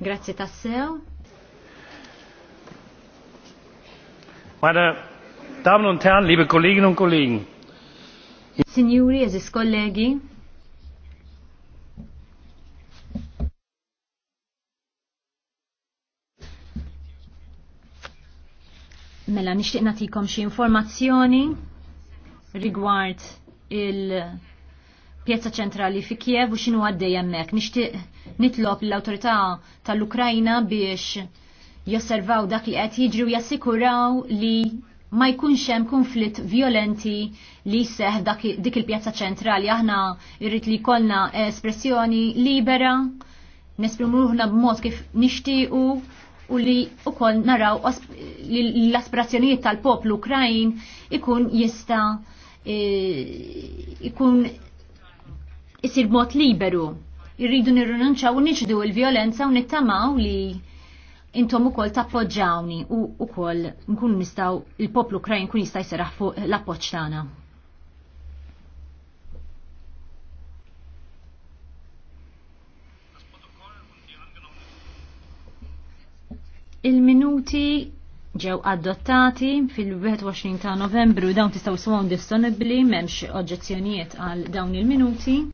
Grazie tassew. Meine Damen und Herren, liebe Kolleginnen und Kollegen. Signori, eżis kollegi, Mela, nixtieq nagħtikom xi informazzjoni rigward il pjezza ċentrali fi Kiev u x'inhu għaddej hemmhekk. Nixtieq nitlob l-awtorità tal-Ukrajna biex josservaw dak li qed jiġri u jassikuraw li ma jkunx hemm konflitt violenti li seħ dik il-pjazza ċentrali. Aħna irrid li jkollna espressjoni libera, nesprimu b'mod kif nixtiequ u li u koll naraw l-aspirazzjonijiet tal-poplu Ukrajn ikun jista eh, ikun isir mod liberu irridu nirrinunċaw u niġdu il-violenza u nittamaw li intom u koll tappoġġawni u u kol nkun nistaw il-poplu krajn kun jista' jserraħ fuq l-appoġġ tagħna. Il-minuti ġew adottati fil-21 ta' novembru dawn tistgħu swawn disponibbli m'hemmx oġġezzjonijiet għal dawn il-minuti.